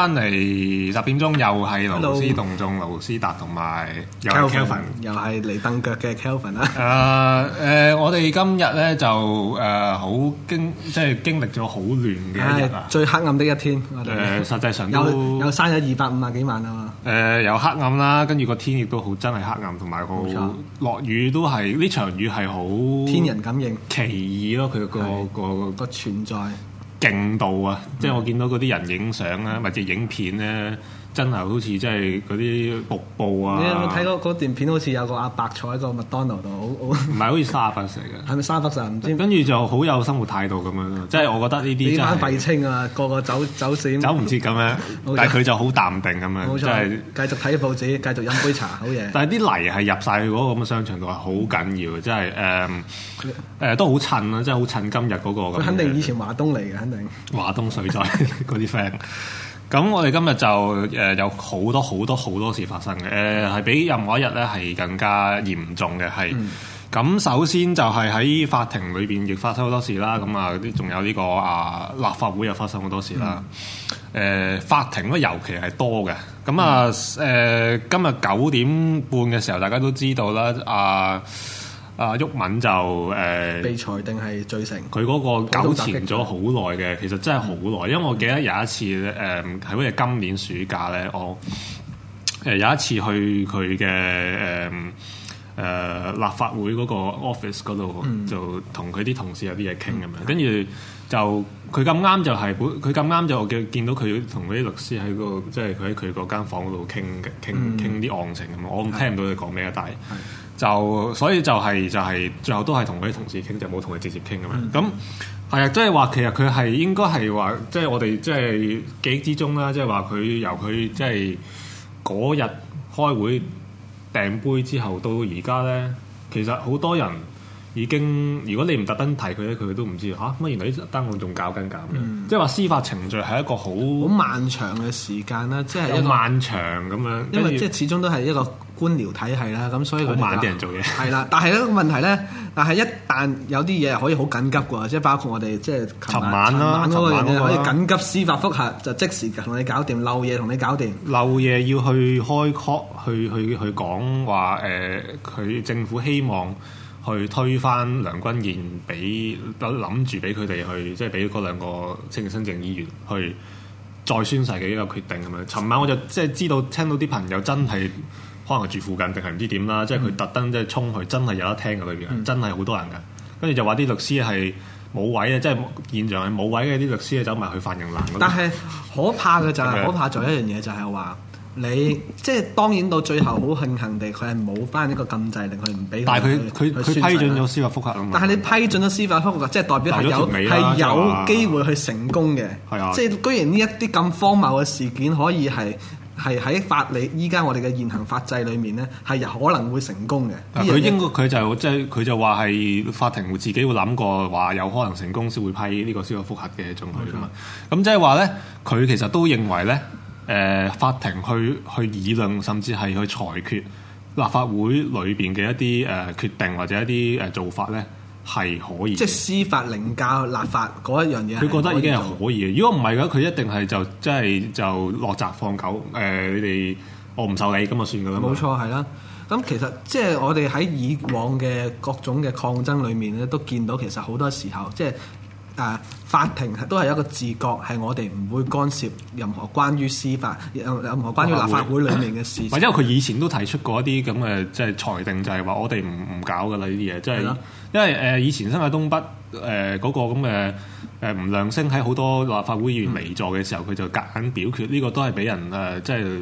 翻嚟十點鐘又係勞思動眾，盧斯達同埋又係 Calvin，又係嚟蹬腳嘅 Calvin 啦。誒誒，我哋今日咧就誒、uh, 好經，即、就、係、是、經歷咗好亂嘅一日最黑暗的一天。誒、uh, 實際上有有生咗二百五十幾萬啊嘛。誒、uh, 有黑暗啦，跟住個天亦都好真係黑暗，同埋好落雨都係呢場雨係好、那個、天人感應奇異咯，佢個個個存在。勁度啊！即係我見到嗰啲人影相啊， 或者影片咧、啊。真係好似即係嗰啲瀑布啊！你有冇睇過嗰段片？好似有個阿伯坐喺個麥當勞度，好唔係好似沙發石嘅？係咪沙發石？唔知。跟住就好有生活態度咁樣咯，即係我覺得呢啲呢班廢青啊，個個走走走唔切咁樣，但係佢就好淡定咁樣，冇錯係繼續睇報紙，繼續飲杯茶，好嘢。但係啲泥係入晒去嗰個咁嘅商場度係好緊要嘅，即係誒誒都好襯啊。即係好襯今日嗰個。佢肯定以前華東嚟嘅，肯定華東水災嗰啲 friend。咁我哋今日就誒、呃、有好多好多好多事發生嘅，誒、呃、係比任何一日咧係更加嚴重嘅係。咁、嗯、首先就係喺法庭裏邊亦發生好多事啦，咁啊，啲仲有呢、呢個啊立法會又發生好多事啦。誒、嗯呃、法庭咧尤其係多嘅，咁啊誒、呃、今日九點半嘅時候，大家都知道啦啊。啊！毓民就誒，呃、被裁定係罪成。佢嗰個糾纏咗好耐嘅，其實真係好耐。嗯、因為我記得有一次誒，係好似今年暑假咧，我誒、呃、有一次去佢嘅誒誒立法會嗰個 office 嗰度，嗯、就同佢啲同事有啲嘢傾咁樣。嗯就是、他跟住就佢咁啱就係佢咁啱就見見到佢同嗰啲律師喺個即係佢喺佢嗰間房度傾傾傾啲案情咁。我聽唔到佢講咩，但係。就所以就係、是、就係、是、最後都係同佢啲同事傾，就冇同佢直接傾咁樣。咁係啊，即係話其實佢係應該係話即係我哋即係記憶之中啦。即係話佢由佢即係嗰日開會訂杯之後到而家咧，其實好多人。已經，如果你唔特登提佢咧，佢都唔知嚇。乜、啊、原來呢單案仲搞緊減，即係話司法程序係一個好好漫長嘅時間啦。即係一個漫長咁樣，因為即係始終都係一個官僚體系啦。咁、hmm, 嗯、所以佢好慢啲人做嘢係啦。但係咧個問題咧，但係一旦有啲嘢可以好緊急嘅，即係包括我哋即係尋晚嗰個嘢可以緊急司法覆核，就即時同你搞掂漏夜，同你搞掂漏夜要去開 call 去去去講話誒，佢、euh, 政府希望。去推翻梁君彥，俾得諗住俾佢哋去，即係俾嗰兩個青年新政議員去再宣誓嘅一個決定咁樣。尋晚我就即係知道聽到啲朋友真係可能住附近定係唔知點啦，即係佢特登即係衝去，真係有一聽嘅裏邊，真係好多人嘅。跟住就話啲律師係冇位啊，即係現場係冇位嘅，啲律師走埋去犯人欄。但係可怕嘅就係可怕在一樣嘢，就係話。你即係當然到最後好慶幸地，佢係冇翻呢個禁制令，令佢唔俾。但係佢佢佢批准咗司法覆核啊嘛。但係你批准咗司法覆核，即係代表係有係有機會去成功嘅。係啊、嗯，即係居然呢一啲咁荒謬嘅事件，可以係係喺法理依家我哋嘅現行法制裡面咧，係有可能會成功嘅。佢應該佢是就即係佢就話係法庭會自己會諗過，話有可能成功先會批呢個司法覆核嘅進去啊嘛。咁即係話咧，佢其實都認為咧。誒、呃、法庭去去議論，甚至係去裁決立法會裏邊嘅一啲誒、呃、決定或者一啲誒做法咧，係可以。即係司法凌駕立法嗰一樣嘢，佢覺得已經係可以嘅。如果唔係嘅話，佢一定係就即係就，就落閘放狗。誒、呃，你哋我唔受理咁就算㗎啦。冇錯，係啦。咁其實即係我哋喺以往嘅各種嘅抗爭裏面咧，都見到其實好多時候即係。啊、法庭都係一個自覺，係我哋唔會干涉任何關於司法，任何無關於立法會裡面嘅事，因為佢以前都提出過一啲咁嘅，即係裁定，就係、是、話我哋唔唔搞噶啦呢啲嘢，即係、就是、的因為誒、呃、以前新界東北誒嗰、呃那個咁嘅誒吳亮星喺好多立法會議員離座嘅時候，佢、嗯、就夾硬表決，呢、這個都係俾人誒即係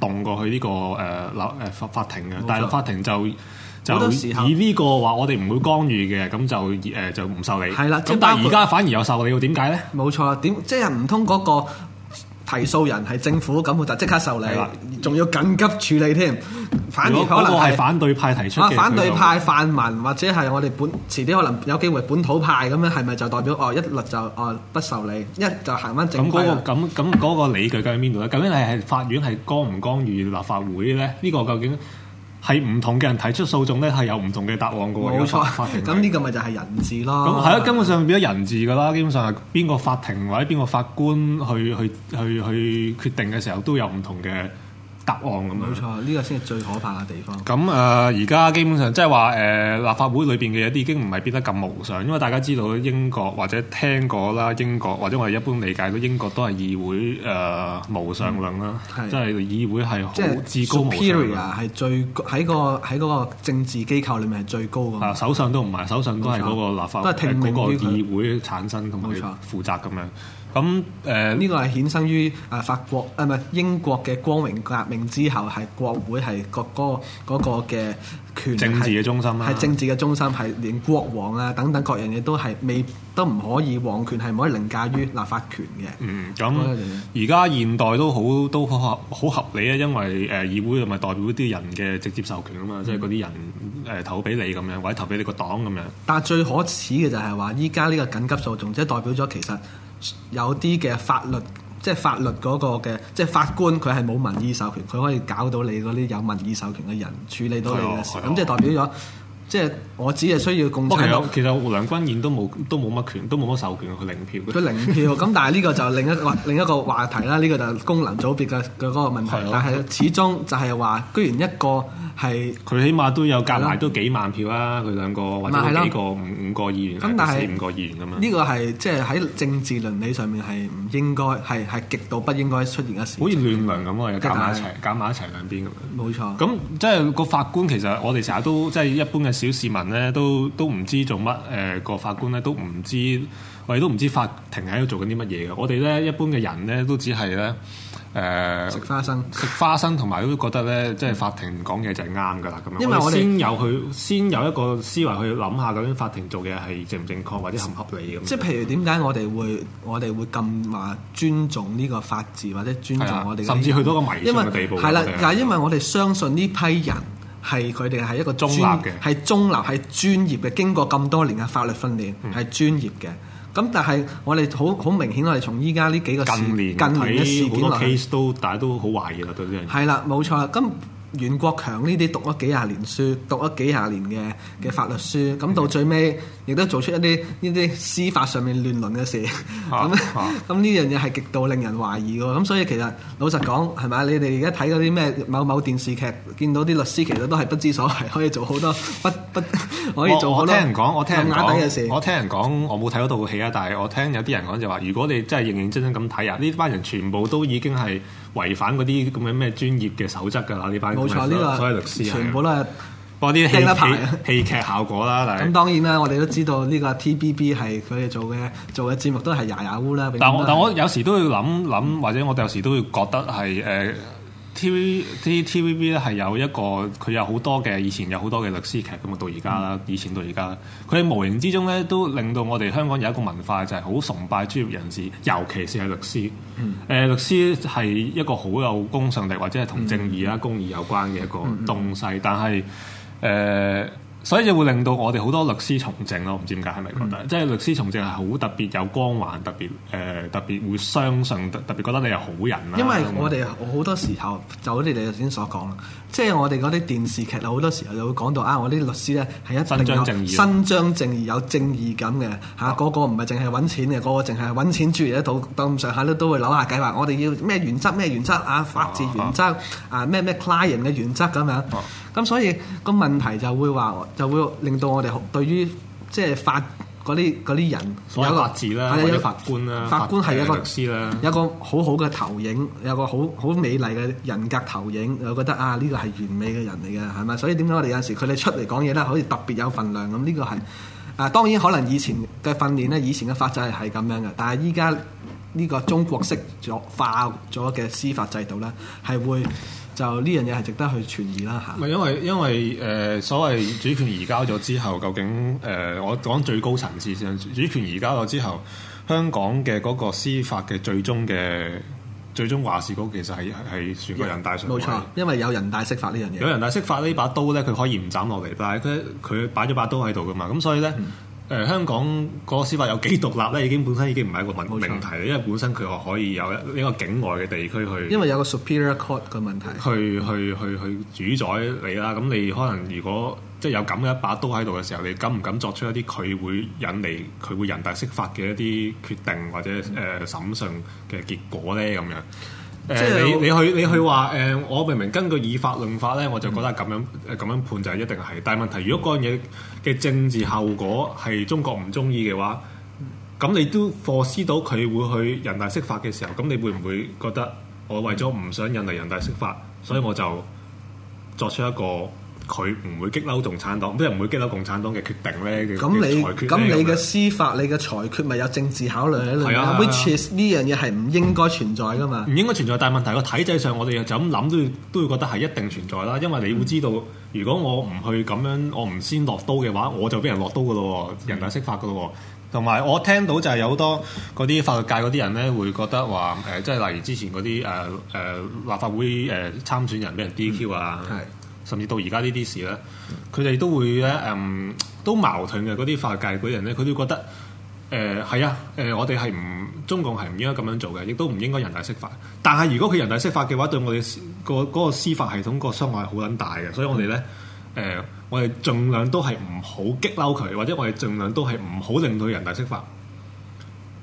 動過去呢、這個誒立法法庭嘅，但係法庭就。時候就以呢個話，我哋唔會干預嘅，咁就誒、呃、就唔受理。係啦的，咁但係而家反而又受理，又點解咧？冇錯啦，點即係唔通嗰個提訴人係政府，咁我就即刻受理，仲的要緊急處理添。反而可能係反對派提出。啊、哦，反對派泛民或者係我哋本遲啲可能有機會本土派咁樣，係咪就代表哦一律就哦不受理？一就行翻正。咁嗰咁咁嗰個理據究竟喺邊度咧？究竟係係法院係干唔干預立法會咧？呢、這個究竟？係唔同嘅人提出訴訟咧，係有唔同嘅答案嘅喎。冇錯，咁呢個咪就係人治咯。咁係啊，根本上變咗人治㗎啦。基本上係邊個法庭或者邊個法官去去去去決定嘅時候，都有唔同嘅答案咁樣，冇錯，呢、這個先係最可怕嘅地方。咁誒，而、呃、家基本上即係話誒，立法會裏邊嘅嘢，啲已經唔係變得咁無上，因為大家知道英國或者聽過啦，英國或者我哋一般理解都英國都係議會誒、呃、無上論啦，嗯、即係是議會係好是至高無上，係最喺、那個喺嗰個政治機構裡面係最高嘅。首相都唔係，首相都係嗰個立法，都係聽命於議會產生同埋錯負責咁樣。咁誒呢個係衍生於誒法國誒唔係英國嘅光榮名之後係國會係各嗰個嘅權政治嘅中心啦，係政治嘅中心係連國王啊等等各樣嘢都係未都唔可以，王權係唔可以凌駕於立法權嘅。嗯，咁而家現代都好都好合好合理啊，因為誒議會同埋代表啲人嘅直接授權啊嘛，即係嗰啲人誒投俾你咁樣，或者投俾你個黨咁樣。但係最可恥嘅就係話，依家呢個緊急訴訟，即係代表咗其實有啲嘅法律。即係法律嗰、個嘅，即係法官佢係冇民意授權，佢可以搞到你嗰啲有民意授權嘅人處理到你嘅事，咁、哦哦、即係代表咗。即係我只係需要共產黨。其實梁君彥都冇都冇乜權，都冇乜授權去領票。佢領票咁，但係呢個就另一個另一個話題啦。呢個就功能組別嘅嘅嗰個問題。但係始終就係話，居然一個係佢起碼都有夾埋都幾萬票啦。佢兩個或者幾個五五個議員，四五個議員咁樣。呢個係即係喺政治倫理上面係唔應該係係極度不應該出現嘅事。好似亂倫咁啊！夾埋一齊，夾埋一齊兩邊咁樣。冇錯。咁即係個法官其實我哋成日都即係一般嘅。小市民咧都都唔知做乜，誒個法官咧都唔知，我哋都唔知法庭喺度做緊啲乜嘢嘅。我哋咧一般嘅人咧都只係咧誒食花生，食花生同埋都覺得咧，即係法庭講嘢就係啱噶啦咁樣。因為我哋先有佢，先有一個思維去諗下究竟法庭做嘅係正唔正確或者合唔合理咁。即係譬如點解我哋會，我哋會咁話尊重呢個法治或者尊重我哋甚至去到個迷信嘅地步。係啦，又因為我哋相信呢批人。係佢哋係一個中立嘅，係中立係專業嘅，經過咁多年嘅法律訓練係專業嘅。咁、嗯、但係我哋好好明顯，我哋從依家呢幾個近年近年嘅事件好多 case 都大家都好懷疑啦，對啲人係啦，冇錯啦，咁。袁國強呢啲讀咗幾廿年書，讀咗幾廿年嘅嘅法律書，咁到最尾亦都做出一啲呢啲司法上面亂倫嘅事，咁咁呢樣嘢係極度令人懷疑嘅。咁所以其實老實講，係咪？你哋而家睇嗰啲咩某某電視劇，見到啲律師其實都係不知所謂，可以做好多不不可以做好多。我聽人講，我聽人講，我聽人講，我冇睇嗰套戲啊，但係我聽有啲人講就話，如果你真係認認真真咁睇啊，呢班人全部都已經係。違反嗰啲咁嘅咩專業嘅守則㗎啦，呢班冇錯，呢個所謂律師全部都係播啲戲劇效果啦。咁 是當然啦，我哋都知道呢個 TBB 係佢哋做嘅，做嘅節目都係牙牙烏啦。但我但我有時都要諗諗，或者我哋有時都要覺得係誒。呃 TV TVB 咧係有一個，佢有好多嘅以前有好多嘅律師劇咁啊，到而家啦，以前到而家，佢喺無形之中咧都令到我哋香港有一個文化就係、係、好崇拜專業人士，尤其是係律師。誒、嗯呃，律師係一個好有公信力或者係同正義啊、嗯、公義有關嘅一個東西，但係誒。呃所以就會令到我哋好多律師從政咯，唔知點解係咪覺得，即係律師從政係好特別有光環，特別誒特別會相信，特別覺得你係好人啦。因為我哋好多時候，就好似你頭先所講啦，即係我哋嗰啲電視劇好多時候就會講到啊，我啲律師咧係一定有伸張正義、有正義感嘅嚇，個個唔係淨係揾錢嘅，個個淨係揾錢，主要到度咁上下都都會扭下計話，我哋要咩原則咩原則啊，法治原則啊咩咩 client 嘅原則咁樣。咁所以個問題就會話就會令到我哋對於即係法嗰啲啲人有法治啦，或者法官啦，法官係一個律師啦，有一個好好嘅投影，有個好好美麗嘅人格投影，我覺得啊呢個係完美嘅人嚟嘅，係咪？所以點解我哋有時佢哋出嚟講嘢咧，可以特別有份量咁？呢個係啊，當然可能以前嘅訓練咧，以前嘅法制係係咁樣嘅，但係依家呢個中國式咗化咗嘅司法制度咧，係會。就呢樣嘢係值得去存疑啦嚇。唔係、嗯、因為因為誒、呃、所謂主權移交咗之後，究竟誒、呃、我講最高層次先，主權移交咗之後，香港嘅嗰個司法嘅最終嘅最終話事局，其實係係全國人大上面。冇錯，因為有人大釋法呢樣嘢。有人大釋法呢把刀咧，佢可以唔斬落嚟，但係佢佢擺咗把刀喺度㗎嘛，咁所以咧。嗯誒，香港個司法有幾獨立咧？已經本身已經唔係一個問問題。冇錯，因為本身佢話可以有一一個境外嘅地區去，因為有個 superior court 嘅問題，去去去去主宰你啦。咁你可能如果即係有咁嘅一把刀喺度嘅時候，你敢唔敢作出一啲佢會引嚟佢會人大釋法嘅一啲決定或者誒、嗯呃、審訊嘅結果咧？咁樣。誒、呃、你、嗯、你去你去話誒、呃，我明明根據以法論法咧，我就覺得咁樣誒咁、嗯、樣判就一定係。但係問題，如果嗰樣嘢嘅政治後果係中國唔中意嘅話，咁你都 foresee 到佢會去人大釋法嘅時候，咁你會唔會覺得我為咗唔想引嚟人大釋法，嗯、所以我就作出一個，佢唔會激嬲共產黨，都係唔會激嬲共產黨嘅決定咧。咁你咁你嘅司法、樣你嘅裁決，咪有政治考慮喺度？係啊，呢樣嘢係唔應該存在噶嘛？唔應該存在，但係問題個體制上，我哋就咁諗都要都要覺得係一定存在啦。因為你會知道，嗯、如果我唔去咁樣，我唔先落刀嘅話，我就俾人落刀噶咯，嗯、人大釋法噶咯。同埋我聽到就係有好多嗰啲法律界嗰啲人咧，會覺得話誒，即、呃、係、呃、例如之前嗰啲誒誒立法會誒參選人俾人 DQ 啊、嗯，係、嗯。甚至到而家呢啲事咧，佢哋都會咧，嗯，都矛盾嘅。嗰啲法律界嗰啲人咧，佢都覺得，誒、呃、係啊，誒、呃、我哋係唔，中共係唔應該咁樣做嘅，亦都唔應該人大釋法。但係如果佢人大釋法嘅話，對我哋、嗰個嗰、嗰個、司法系統個傷害好撚大嘅，所以我哋咧，誒、呃、我哋儘量都係唔好激嬲佢，或者我哋儘量都係唔好令到人大釋法。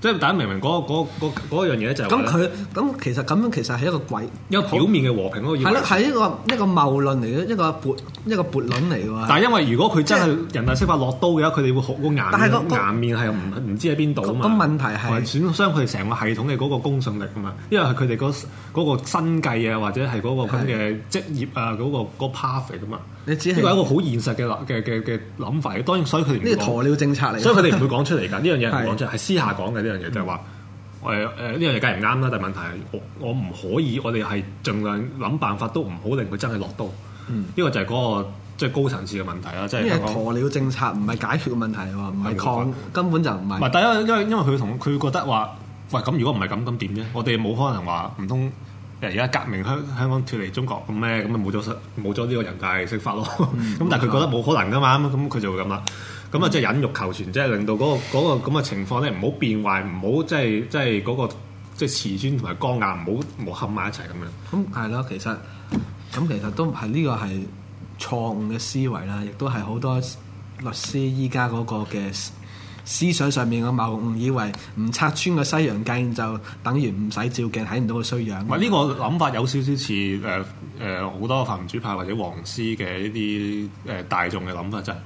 即係，大家明明嗰、那個那個那個、樣嘢咧，就係咁佢咁其實咁樣其實係一個鬼，一個表面嘅和平咯。要係咯，係一個一個謬論嚟嘅，一個撥一個撥論嚟嘅。但係因為如果佢真係人大釋法落刀嘅話，佢哋即會好嗰眼，那個、眼但係、那個眼面係唔唔知喺邊度咁嘛。個問題係損傷佢成個系統嘅嗰個公信力啊嘛，因為係佢哋嗰嗰個生計啊，或者係嗰個咁嘅職業啊，嗰個嗰 path 嘅嘛。的你只係一個好現實嘅，嘅嘅嘅諗法嘅，當然所以佢哋呢個鴕鳥政策嚟，所以佢哋唔會講出嚟㗎。呢 樣嘢唔講出嚟，係是私下講嘅呢樣嘢，嗯、就係話誒誒呢樣嘢梗係啱啦。但係問題係我我唔可以，我哋係盡量諗辦法，都唔好令佢真係落到。呢、嗯、個就係嗰、那個最、就是、高層次嘅問題啦。即係鴕鳥政策唔係解決嘅問題唔係抗根本就唔係。唔係，因為因為因為佢同佢覺得話，喂咁如果唔係咁，咁點啫？我哋冇可能話唔通。難道難道而家革命香港香港脫離中國咁咩，咁咪冇咗冇咗呢個人界釋法咯。咁、嗯、但係佢覺得冇可能噶嘛咁，佢、嗯、就會咁啦。咁啊，即係忍辱求全，即係、嗯、令到嗰、嗰個嗰咁嘅情況咧，唔好變壞，唔好即係即係嗰個即係瓷磚同埋光牙唔好磨合埋一齊咁樣。咁係咯，其實咁其實都係呢個係錯誤嘅思維啦，亦都係好多律師依家嗰個嘅。思想上面嘅矛盾，以為唔拆穿個西洋鏡就等於唔使照鏡睇唔到個衰樣。咪呢個諗法有少少似誒誒好多民主派或者黃絲嘅呢啲誒大眾嘅諗法，即、就係、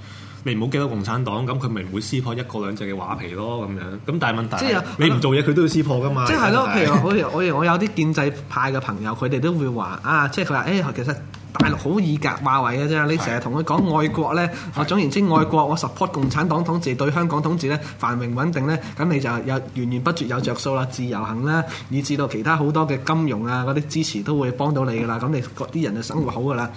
你唔好記得共產黨，咁佢咪唔會撕破一國兩制嘅畫皮咯？咁樣咁但係問題。即係你唔做嘢，佢都要撕破㗎嘛。即係咯，譬如 我我我有啲建制派嘅朋友，佢哋都會話啊，即係佢話誒，其實。大陸好以格化為嘅啫，你成日同佢講愛國咧，我總言之愛國，的外國我 support 共產黨統治對香港統治咧繁榮穩定咧，咁你就有源源不絕有着數啦，自由行啦，以至到其他好多嘅金融啊嗰啲支持都會幫到你噶啦，咁你嗰啲人就生活好噶啦。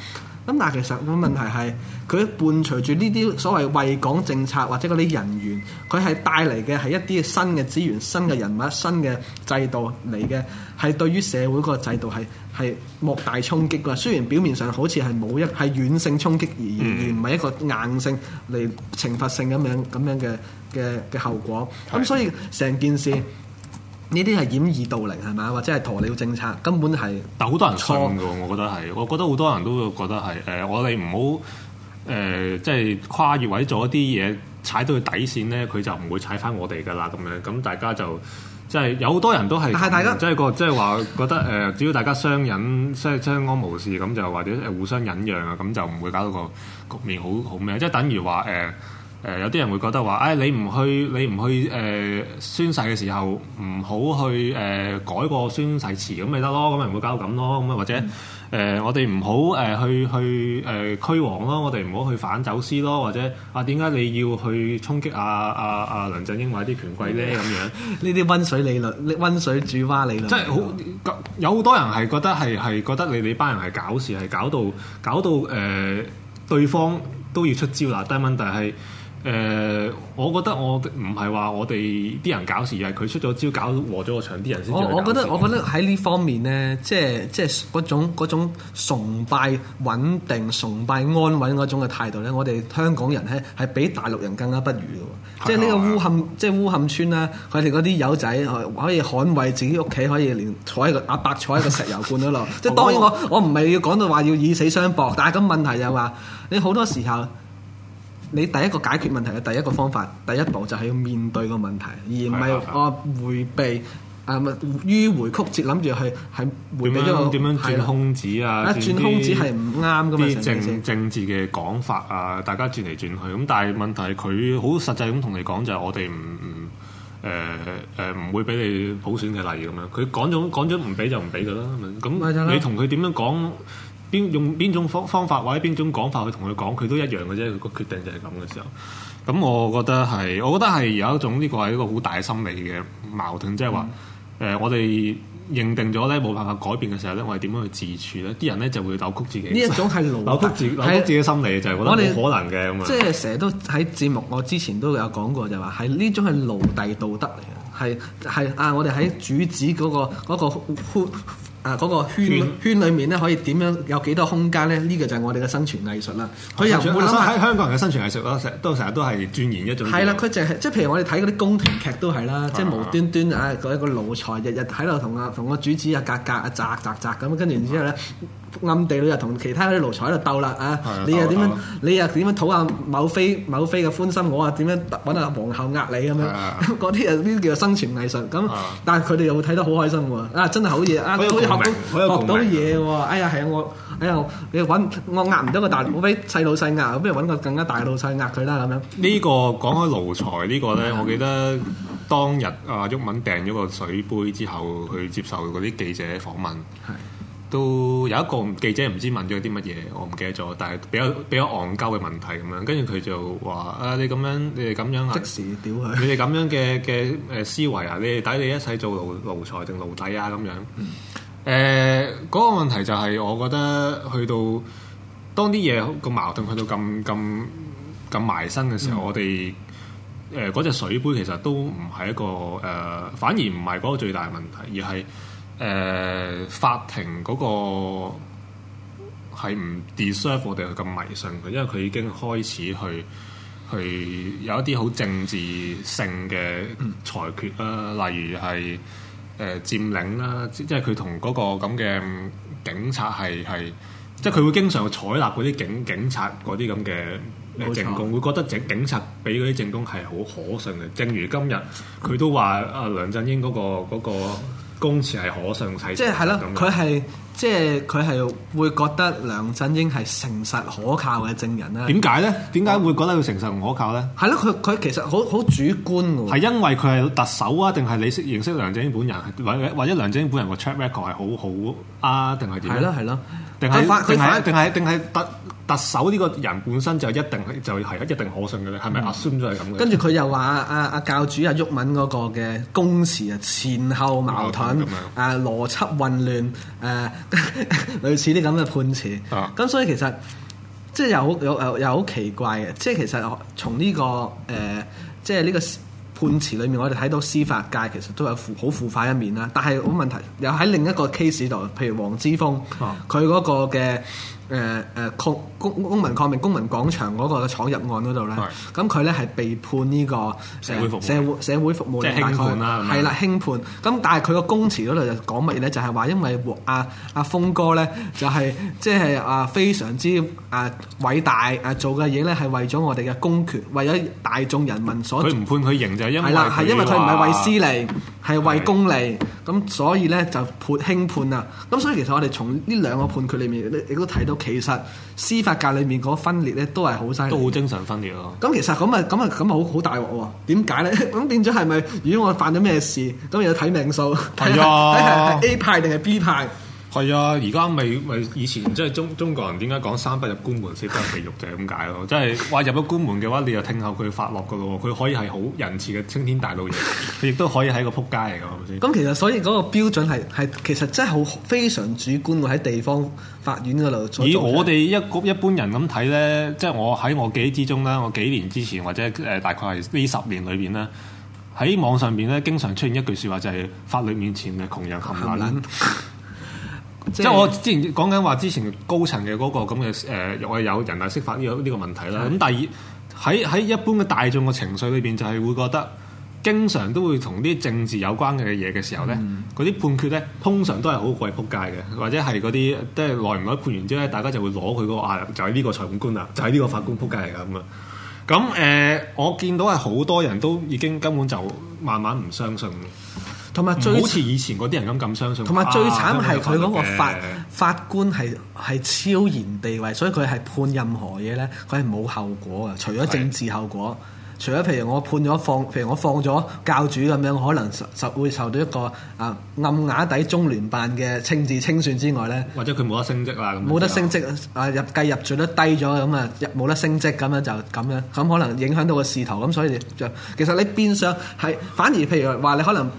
咁但係其實個問題係，佢伴隨住呢啲所謂惠港政策或者嗰啲人員，佢係帶嚟嘅係一啲新嘅資源、新嘅人物、新嘅制度嚟嘅，係對於社會個制度係係莫大衝擊㗎。雖然表面上好似係冇一係軟性衝擊而言、嗯、而唔係一個硬性嚟懲罰性咁樣咁樣嘅嘅嘅後果。咁、嗯嗯、所以成件事。呢啲係掩耳盜鈴係咪？或者係鴕鳥政策，根本係，但好多人信㗎喎，我覺得係，我覺得好多人都覺得係，誒、呃，我哋唔好誒，即、呃、係、就是、跨越或者做一啲嘢踩到佢底線咧，佢就唔會踩返我哋㗎喇，咁樣，咁大家就即係、就是、有好多人都係，但大家即係個即係話覺得誒、呃，只要大家相忍相相安無事咁就或者誒互相忍讓啊，咁就唔會搞到個局面好好咩？即係等於話誒。呃誒有啲人會覺得話，誒、哎、你唔去，你唔去誒、呃、宣誓嘅時候，唔好去誒、呃、改個宣誓詞咁咪得咯，咁咪唔會搞咁咯。咁或者誒我哋唔好誒去去誒驅蝗咯，我哋唔好、呃、去反走私咯，或者啊點解你要去衝擊阿阿阿梁振英或者啲權貴咧咁樣？呢啲溫水理論，溫水煮蛙理論，即係好有好多人係覺得係係覺得你哋班人係搞事，係搞到搞到誒、呃嗯、對方都要出招啦。但問題係。誒、呃，我覺得我唔係話我哋啲人搞事，係佢出咗招搞和咗個場，啲人先。我我覺得、嗯、我覺得喺呢方面咧，即係即係嗰種崇拜穩定、崇拜安穩嗰種嘅態度咧，我哋香港人咧係比大陸人更加不如嘅。即係呢個烏坎，即係烏坎村啦，佢哋嗰啲友仔可以捍衞自己屋企，可以連坐喺個阿伯坐喺個石油罐度。即係 當然我 我唔係要講到話要以死相搏，但係咁問題就係話你好多時候。你第一個解決問題嘅第一個方法，第一步就係要面對個問題，而唔係我迴避啊，迂的迴、呃、迂迴曲折諗住去，係迴避咗。點樣點樣轉空子啊？轉的空子係唔啱嘅政政治嘅講法啊，大家轉嚟轉去咁，但係問題佢好實際咁同你講，就係我哋唔唔誒誒唔會俾你普選嘅例咁樣。佢講咗講咗唔俾就唔俾咗啦。咁你同佢點樣講？邊用邊種方方法或者邊種講法去同佢講，佢都一樣嘅啫。個決定就係咁嘅時候，咁我覺得係，我覺得係有一種呢、呢個係一個好大心理嘅矛盾，即係話誒，我哋認定咗咧冇辦法改變嘅時候咧，我哋點樣去自處咧？啲人咧就會扭曲自己。呢一種係 扭曲自是扭曲自己心理，就係、是、覺得冇們可能嘅咁啊！即係成日都喺節目，我之前都有講過，就係話係呢種係奴隸道德嚟嘅，係係啊！我哋喺主子嗰個嗰個。嗰個嗰個嗰個嗰個啊！嗰、那個圈圈裏面咧，可以點樣有幾多空間咧？呢、這個就係我哋嘅生存藝術啦。佢又本身喺香港人嘅生存藝術咯，成都成日都係鑽研一種。係啦，佢淨係即係譬如我哋睇嗰啲宮廷劇都係啦，嗯、即係無端端啊，嗰一個奴才日日喺度同啊同個主子啊格格啊砸砸砸咁，跟住之後咧。暗地裏又同其他啲奴才喺度鬥啦啊！你又點樣？你又點樣討下某妃某妃嘅歡心？我啊點樣揾下皇后壓你咁樣？嗰啲啊呢啲叫做生存藝術咁。但係佢哋又會睇得好開心喎！啊，真係好嘢啊，可學到嘢喎！哎呀，係啊，我哎呀，你揾我壓唔到個大，我俾細老細壓，不如揾個更加大嘅老細壓佢啦咁樣。呢個講開奴才呢個咧，我記得當日啊毓民掟咗個水杯之後，去接受嗰啲記者訪問。都有一個記者唔知問咗啲乜嘢，我唔記得咗，但係比較比較戇鳩嘅問題咁樣，跟住佢就話：啊，你咁樣，你哋咁樣啊，即你哋咁樣嘅嘅誒思維啊，你哋抵你一世做奴奴才定奴隸啊咁樣。誒、嗯，嗰、呃那個問題就係我覺得去到當啲嘢個矛盾去到咁咁咁埋身嘅時候，嗯、我哋誒嗰隻水杯其實都唔係一個誒、呃，反而唔係嗰個最大問題，而係。誒、呃、法庭嗰個係唔 deserve 我哋去咁迷信佢，因為佢已經開始去去有一啲好政治性嘅裁決啦，例如係誒、呃、佔領啦，即係佢同嗰個咁嘅警察係係，嗯、即係佢會經常採納嗰啲警警察嗰啲咁嘅證供，冇錯。會覺得警警察俾嗰啲證供係好可信嘅。正如今日佢都話阿梁振英嗰個嗰個。嗰個公詞係可信睇，即係啦，佢係即係佢係會覺得梁振英係誠實可靠嘅證人啦。點解咧？點解會覺得佢誠實唔可靠咧？係咯，佢佢其實好好主觀㗎。係因為佢係特首啊，定係你識認識梁振英本人，或者或者梁振英本人個 track record 係好好啊，定係點？係咯係咯。定係定係定係特特首呢個人本身就一定就係、是、一定可信嘅咧，係咪阿孫都係咁嘅？跟住佢又話：阿、啊、阿教主阿毓、啊、民嗰個嘅公詞啊，前後矛盾，誒、嗯嗯嗯啊、邏輯混亂，誒、啊、類似啲咁嘅判詞。咁、啊、所以其實即係又有誒又好奇怪嘅，即係其實從呢個誒即係呢個。呃判詞裏面，我哋睇到司法界其實都有腐好腐化一面啦。但係好問題，又喺另一個 case 度，譬如黃之鋒，佢嗰、啊、個嘅。誒誒，抗公公民抗命公民廣場嗰個嘅闖入案嗰度咧，咁佢咧係被判呢個社會社會社會服務，即係輕判啦，係啦輕判。咁、就是、但係佢個公詞嗰度就講乜嘢咧？就係、是、話因為阿、啊、阿、啊、鋒哥咧、就是，就係即係啊非常之啊偉大啊 做嘅嘢咧，係為咗我哋嘅公權，為咗大眾人民所。佢唔判佢刑就係、是、因為係因為佢唔係為私利，係說為公利。咁所以咧就判輕判啊！咁所以其實我哋從呢兩個判決裏面，你都睇到其實司法界裏面嗰分裂咧都係好犀利。都好精神分裂咯。咁其實咁啊咁啊咁啊好好大鑊喎！點解咧？咁變咗係咪？如果我犯咗咩事，咁又要睇命數，睇係係係 A 派定係 B 派？係啊，而家咪咪以前即係中中國人點解講三不入官門四不入地獄就係咁解咯，即係話入咗官門嘅話，你又聽候佢發落噶咯，佢可以係好仁慈嘅青天大老爺，佢亦都可以係一個撲街嚟㗎，咁其實所以嗰個標準係其實真係好非常主觀喎，喺地方法院嗰度。以我哋一一般人咁睇呢，即係我喺我記憶之中啦，我幾年之前或者誒大概係呢十年裏邊呢，喺網上邊呢，經常出現一句説話就係法律面前嘅窮人含撚。即係、就是、我之前講緊話，之前高層嘅嗰、那個咁嘅誒，又、呃、有人大釋法呢、這個呢、這個問題啦。咁是的 但係喺喺一般嘅大眾嘅情緒裏邊，就係、是、會覺得經常都會同啲政治有關嘅嘢嘅時候咧，嗰啲、嗯、判決咧，通常都係好鬼撲街嘅，或者係嗰啲即係耐唔耐判完之後咧，大家就會攞佢嗰個啊，就係、是、呢個裁判官啦、啊，就係、是、呢個法官撲街嚟嘅咁嘅。咁誒、啊呃，我見到係好多人都已經根本就慢慢唔相信。同埋最好似以前嗰啲人咁咁相信。同埋最慘係佢嗰個法 法官係係超然地位，所以佢係判任何嘢咧，佢係冇後果嘅，除咗政治後果，是的 除咗譬如我判咗放，譬如我放咗教主咁樣，可能就會受到一個啊暗啞底中聯辦嘅清治清算之外咧，或者佢冇得升職啦，咁冇得升職啊入計入罪都低咗咁啊冇得升職咁樣就咁樣咁可能影響到個仕途咁，所以就其實你邊上係反而譬如話你可能。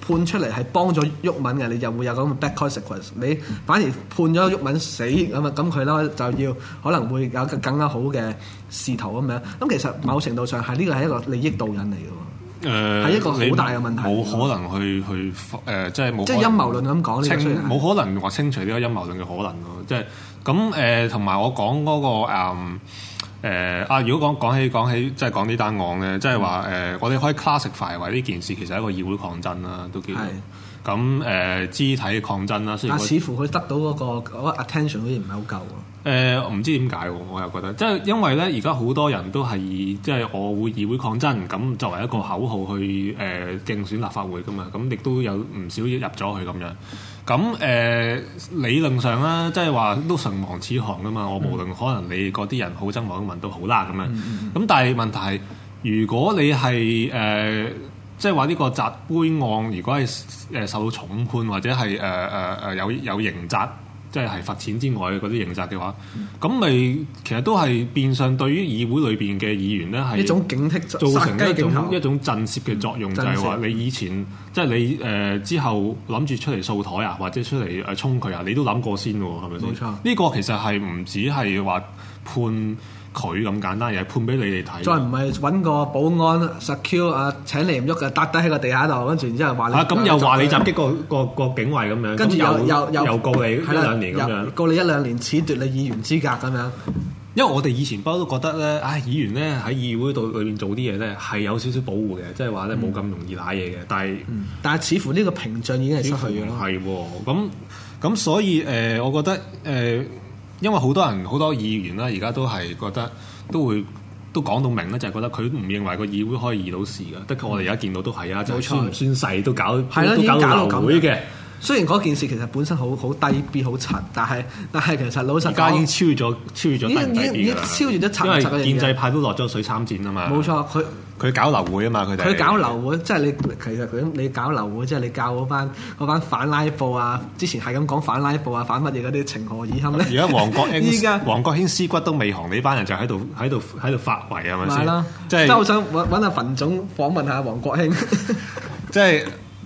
判出嚟係幫咗毓民嘅，你就會有咁嘅 back consequence。你反而判咗毓民死咁啊，咁佢呢就要可能會有更更加好嘅仕途咁樣。咁其實某程度上係呢個係一個利益導引嚟嘅喎，係、呃、一個好大嘅問題。冇可能去去誒，即係冇。即係陰謀論咁講呢？清、冇可能話清除呢個陰謀論嘅可能咯。即係咁誒，同埋、呃、我講嗰個、呃誒、呃、啊！如果講講起講起，即係講呢單案咧，即係話誒，我哋可以 classify 為呢件事其實係一個議會抗爭啦，都幾咁誒是、嗯呃、肢體抗爭啦。但果似乎佢得到嗰、那個、那個、attention 好似唔係好夠喎。誒、呃，唔知點解喎。我又覺得，即、就、係、是、因為咧，而家好多人都係即係我會議會抗爭，咁作為一個口號去誒、呃、競選立法會㗎嘛，咁亦都有唔少嘢入咗去咁樣。咁誒、呃、理論上啦，即係話都唇亡齒寒㗎嘛。嗯、我無論可能你嗰啲人好憎黃毓民都好啦咁樣。咁、嗯嗯、但係問題係，如果你係誒即係話呢個砸杯案，如果係誒受到重判或者係誒誒誒有有，有刑責。即係係罰錢之外嘅嗰啲刑責嘅話，咁咪、嗯、其實都係變相對於議會裏邊嘅議員咧係一種警惕，造成一種一種震懾嘅作用，嗯、就係話你以前、嗯、即係你誒之後諗住出嚟掃台啊，或者出嚟誒衝佢啊，你都諗過先喎，係咪先？冇錯，呢個其實係唔止係話判。佢咁簡單又判俾你哋睇，再唔係揾個保安，安 secure 啊請你唔喐嘅，搭低喺個地下度，跟住然之後話你咁又話你襲擊個個個警衞咁樣，跟住又又又，又告你一兩年咁樣，告你一兩年褫奪你議員資格咁樣。啊啊啊啊啊、因為我哋以前我都覺得咧，唉，議員咧喺議會度裏邊做啲嘢咧係有少少保護嘅，即係話咧冇咁容易瀨嘢嘅。但係、嗯、但係似乎呢個屏障已經係失去咗，係喎。咁咁、哦、所以誒、呃，我覺得誒。呃呃呃呃呃呃呃呃因為好多人好多議員啦、啊，而家都係覺得都會都講到明啦，就係、係、覺得佢唔認為個議會可以議到事嘅。的確、嗯，我哋而家見到都係啊，嗯、就係、算唔算細都搞、啊、都搞到流會嘅。雖然嗰件事其實本身好好低 B，好殘，但係但係其實老實講，超咗超咗，超越咗陳陳嘅嘢。因為建制派都落咗水參戰啊嘛。冇錯，佢佢搞流會啊嘛，佢佢搞流會，即係你其實佢你搞流會，即係你教嗰班班反拉布啊，之前係咁講反拉布啊，反乜嘢嗰啲情何以堪咧？而家黃國興，而家黃國興屍骨都未寒，呢班人就喺度喺度喺度發圍係咪先？係即係。好想揾阿馮總訪問下黃國興，即係。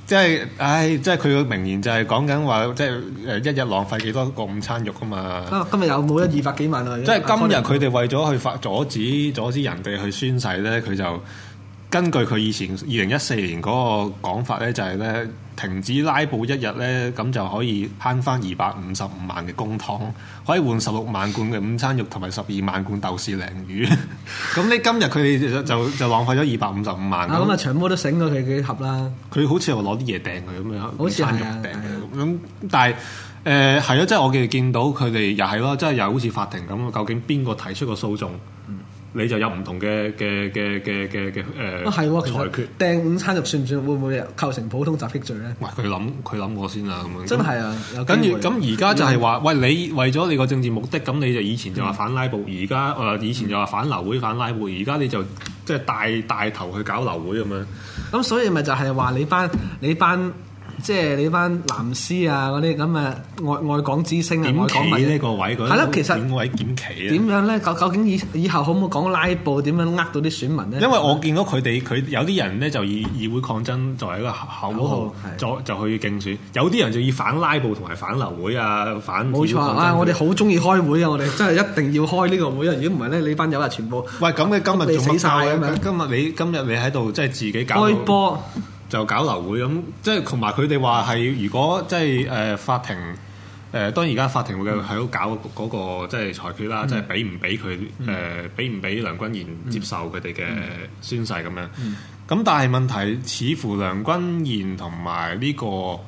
即係，唉，即係佢嘅名言就係講緊話，即係誒一日浪費幾多個午餐肉㗎嘛！今日有冇一二百幾萬啊？即係今日佢哋為咗去法阻止阻止人哋去宣誓咧，佢就。根據佢以前二零一四年嗰個講法咧，就係、是、咧停止拉布一日咧，咁就可以慳翻二百五十五萬嘅公帑，可以換十六萬罐嘅午餐肉同埋十二萬罐豆豉鯪魚。咁 你 今日佢哋就就浪費咗二百五十五萬。啊，咁啊，長毛都醒咗佢幾盒啦。佢好似話攞啲嘢掟佢咁樣，好似係掟嘅。咁但係誒係咯，即係我哋見到佢哋又係咯，即係又好似法庭咁究竟邊個提出個訴訟？你就有唔同嘅嘅嘅嘅嘅嘅誒，裁、啊、實決掟午餐肉算唔算？會唔會構成普通襲擊罪咧？佢諗佢諗過先啦咁樣。真係啊！跟住那，咁而家就係話，為喂你為咗你個政治目的，咁你就以前就話反拉布，而家誒以前就話反流會反拉布，而家你就即係帶帶頭去搞流會咁樣、嗯。咁所以咪就係話你班你班。你班即係你班藍絲啊，嗰啲咁嘅愛愛港之星啊，愛港民呢個位嗰啲，其實點位點企咧？點樣咧？究究竟以以後可唔可以講拉布？點樣呃到啲選民咧？因為我見到佢哋，佢有啲人咧就以議會抗爭作為一個口號，oh, 作的就去競選；有啲人就以反拉布同埋反流會啊，反冇錯啊、哎！我哋好中意開會啊！我哋真係一定要開呢個會啊！如果唔係咧，你班友啊全部喂，咁你今日做乜鳩？今日你今日你喺度即係自己搞開波。 又搞流會咁，即係同埋佢哋話係，如果即係誒、呃、法庭誒、呃，當然而家法庭會繼續喺度搞嗰、那個、嗯、即係裁決啦，即係俾唔俾佢誒，俾唔俾梁君彥接受佢哋嘅宣誓咁、嗯嗯、樣。咁但係問題似乎梁君彥同埋呢個誒、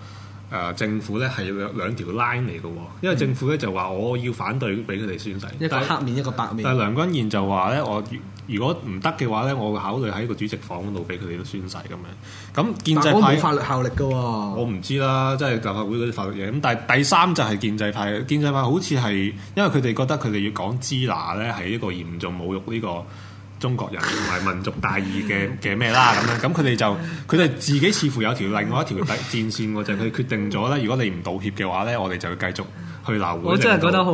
呃、政府咧係有兩條 line 嚟嘅，因為政府咧、嗯、就話我要反對俾佢哋宣誓，一個黑面是一個白面。但係梁君彥就話咧我。如果唔得嘅話咧，我會考慮喺個主席房度俾佢哋都宣誓咁樣。咁建制派我冇法律效力嘅喎、哦，我唔知啦，即係立法會嗰啲法律嘢。咁但係第三就係建制派，建制派好似係因為佢哋覺得佢哋要講支那咧係一個嚴重侮辱呢個中國人同埋民族大義嘅嘅咩啦咁樣。咁佢哋就佢哋自己似乎有條另外一條第戰線喎， 就佢決定咗咧，如果你唔道歉嘅話咧，我哋就要繼續。我真去流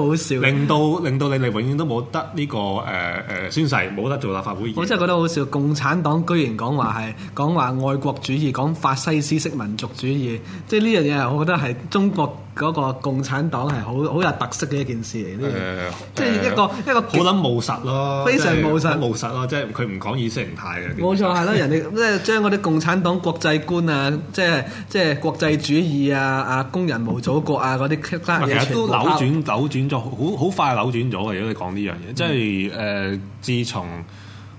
會，令到令到,令到你哋永遠都冇得呢、呢個誒誒、呃、宣誓，冇得做立法會議員。我真係覺得好笑，共產黨居然講話係講話愛國主義，講法西斯式民族主義，即係呢樣嘢係我覺得係中國。嗰個共產黨係好好有特色嘅一件事嚟，呢的即係一個、呃、一個好撚務實咯，非常務實，務實咯，即係佢唔講意識形態嘅。冇錯係啦， 人哋即係將嗰啲共產黨國際觀啊，即係即係國際主義啊，啊工人無祖國啊嗰啲，其實都扭轉扭轉咗，好好快扭轉咗嘅。如果你講呢樣嘢，嗯、即係誒、呃，自從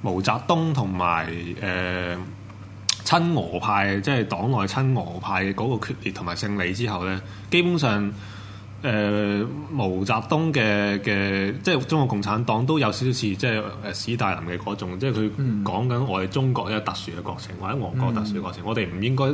毛澤東同埋誒。呃親俄派即係黨內親俄派嘅嗰個決裂同埋勝利之後呢，基本上誒、呃、毛澤東嘅嘅即係中國共產黨都有少少似即係史大林嘅嗰種，即係佢講緊我哋中國一個特殊嘅國情，或者俄國特殊嘅國情，嗯、我哋唔應該。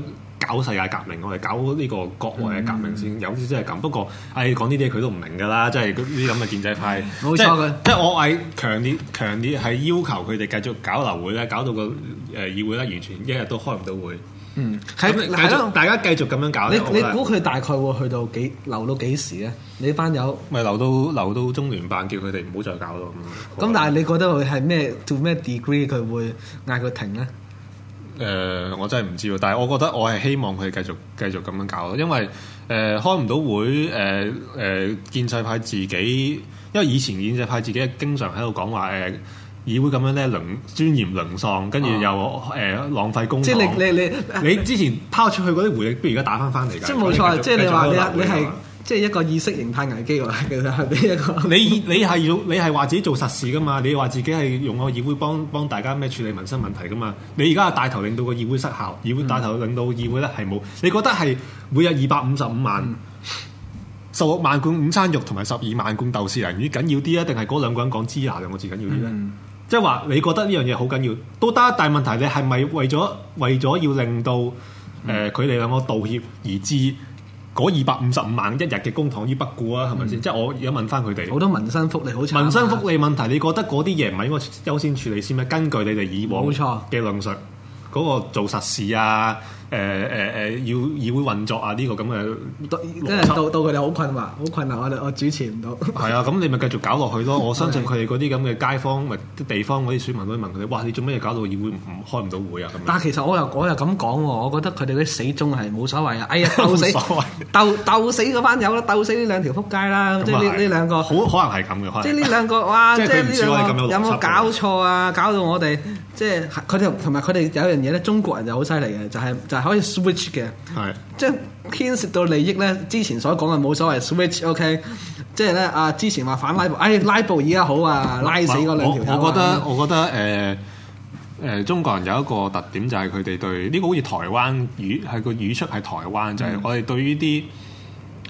搞世界革命，我哋搞呢個國內嘅革命先，有啲真係咁。不過，唉，講呢啲嘢佢都唔明噶啦，即係呢啲咁嘅建制派。冇錯嘅，即係我係強烈強烈係要求佢哋繼續搞流會咧，搞到個誒議會咧，完全一日都開唔到會。嗯，咁繼續大家繼續咁樣搞。你你估佢大概會去到幾留到幾時咧？你班友咪留到留到中聯辦叫佢哋唔好再搞咯。咁，但係你覺得佢係咩 to 咩 degree 佢會嗌佢停咧？誒、呃，我真係唔知喎，但係我覺得我係希望佢繼續繼續咁樣搞咯，因為誒、呃、開唔到會，誒、呃、誒、呃、建制派自己，因為以前建制派自己經常喺度講話誒議會咁樣咧，淪尊嚴淪喪，跟住又誒、呃、浪費公帑。即係你你你你之前拋出去嗰啲回應，不如而家打翻翻嚟㗎。即係冇錯，即係你話你你係。即係一個意識形態危機嚟其實係俾一個 你，你係用你係話自己做實事噶嘛？你話自己係用個議會幫幫大家咩處理民生問題噶嘛？你而家係帶頭令到個議會失效，議會帶頭令到議會咧係冇。你覺得係每日二百五十五萬十六、嗯、萬罐午餐肉同埋十二萬罐豆豉嚟，啲緊要啲啊？定係嗰兩個人講支那兩個字緊要啲咧？嗯、即係話你覺得呢樣嘢好緊要都得，但係問題你係咪為咗為咗要令到誒佢哋兩個道歉而知？嗰二百五十五萬一日嘅公帑於不顧啊，係咪先？嗯、即係我而家問翻佢哋，好多民生福利好差，民生福利問題，你覺得嗰啲嘢唔係應該優先處理先咩？根據你哋以往嘅論述。嗰個做實事啊，誒誒誒，要議會運作啊，呢、這個咁嘅，即係到到佢哋好困惑，好困惑，我哋我主持唔到。係啊，咁你咪繼續搞落去咯。 我相信佢哋嗰啲咁嘅街坊，咪啲地方嗰啲選民都會問佢哋，哇，你做咩搞到議會唔開唔到會啊？咁。但係其實我又我又咁講喎，我覺得佢哋啲死忠係冇所謂啊！哎呀，鬥死 鬥死嗰班友啦，鬥死呢兩條撲街啦！即係呢呢兩個，好可能係咁嘅。可能。即係呢兩個， 哇！即係佢哋兩個有冇搞錯啊？搞到我哋。即係佢哋同埋佢哋有樣嘢咧，中國人就好犀利嘅，就係、是、就係、是、可以 switch 嘅。係是即係牽涉到利益咧，之前所講嘅冇所謂 switch、okay?。O. K. 即係咧，啊之前話反拉布，哎拉布而家好啊，拉死嗰兩條友。我覺得嗎我覺得誒誒、呃呃，中國人有一個特點就係佢哋對呢、這個好似台灣語係個語,語出係台灣，就係、是、我哋對於啲、嗯、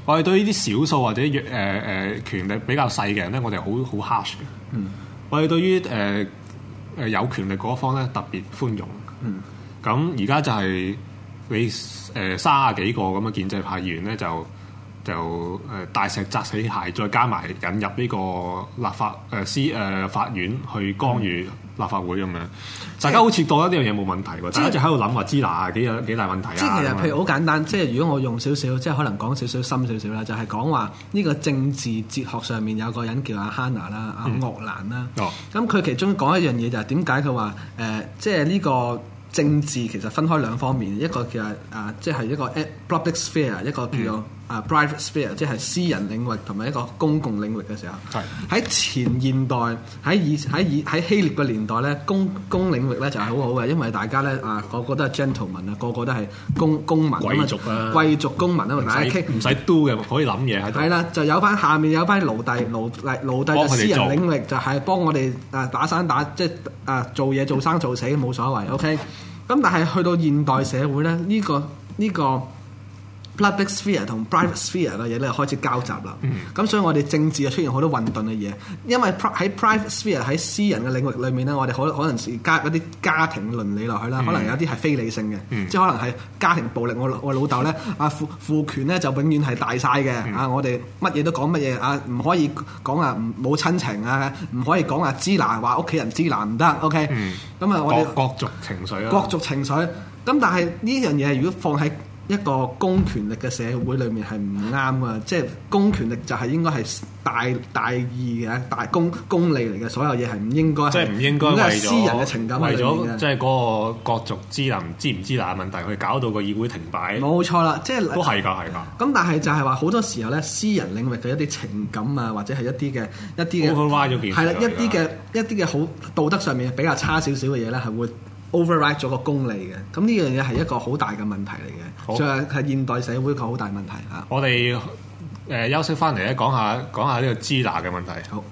我哋對於啲少數或者誒誒、呃呃、權力比較細嘅人咧，我哋好好 harsh 嘅。嗯，我哋對於誒。誒有權力嗰方咧，特別寬容，咁而家就係你誒卅幾個咁嘅建制派議員咧就。就誒大石砸死蟹，再加埋引入呢個立法誒司誒法院去干預立法會咁樣，大家好似覺得呢樣嘢冇問題喎。即係喺度諗話，支嗱幾有大問題啊？即係其實譬如好簡單，即係如果我用少少，即係可能講少少深少少啦，就係講話呢個政治哲學上面有個人叫阿 Hanna 啦，阿岳蘭啦。咁佢其中講一樣嘢就係點解佢話誒，即係呢個政治其實分開兩方面，一個其實啊，即係一個 a public sphere，一個叫做。啊，private sphere 即係私人領域同埋一個公共領域嘅時候，喺是的 前現代喺以喺以喺希臘嘅年代咧，公公領域咧就係好好嘅，因為大家咧啊，個個都係 gentleman 啊，個個都係公公民，貴族啊，貴族公民啊，大家傾唔使 do 嘅，可以諗嘢。係的。係啦，就有班下面有班奴隸 奴，奴隸奴隸嘅私人領域就係幫我哋啊打生打即係啊做嘢做生，做，生做死冇所謂 OK，咁但係去到現代社會咧呢個呢個。些 public sphere 同 private sphere 嘅嘢咧開始交集啦，咁、嗯、所以我哋政治又出現好多混沌嘅嘢，因為喺 private sphere 喺私人嘅領域裡面咧，我哋可可能是加嗰啲家庭倫理落去啦，嗯、可能有啲係非理性嘅，嗯、即係可能係家庭暴力。我我老豆咧啊父父權咧就永遠係大晒嘅啊！嗯、我哋乜嘢都講乜嘢啊？唔可以講啊冇親情啊，唔可以講啊支那話屋企人支那唔得。OK，咁啊、嗯、我哋國族情緒啊，國族情緒。咁、啊、但係呢樣嘢如果放喺一個公權力嘅社會裏面係唔啱啊。即係公權力就係應該係大大義嘅、大公公利嚟嘅，所有嘢係唔應該。即係唔應該為咗私人嘅情感，為咗即係嗰個國族之林，知唔知林嘅問題，去搞到個議會停擺。冇錯啦，即係都係㗎，係㗎。咁但係就係話好多時候咧，私人領域嘅一啲情感啊，或者係一啲嘅一啲嘅，係啦，一啲嘅一啲嘅好道德上面比較差少少嘅嘢咧，係會，override 咗個公理嘅，咁呢樣嘢係一個好大嘅問題嚟嘅，就係係現代社會一個好大問題吓。我哋誒休息翻嚟咧，講下講下呢個支那嘅問題。問題好。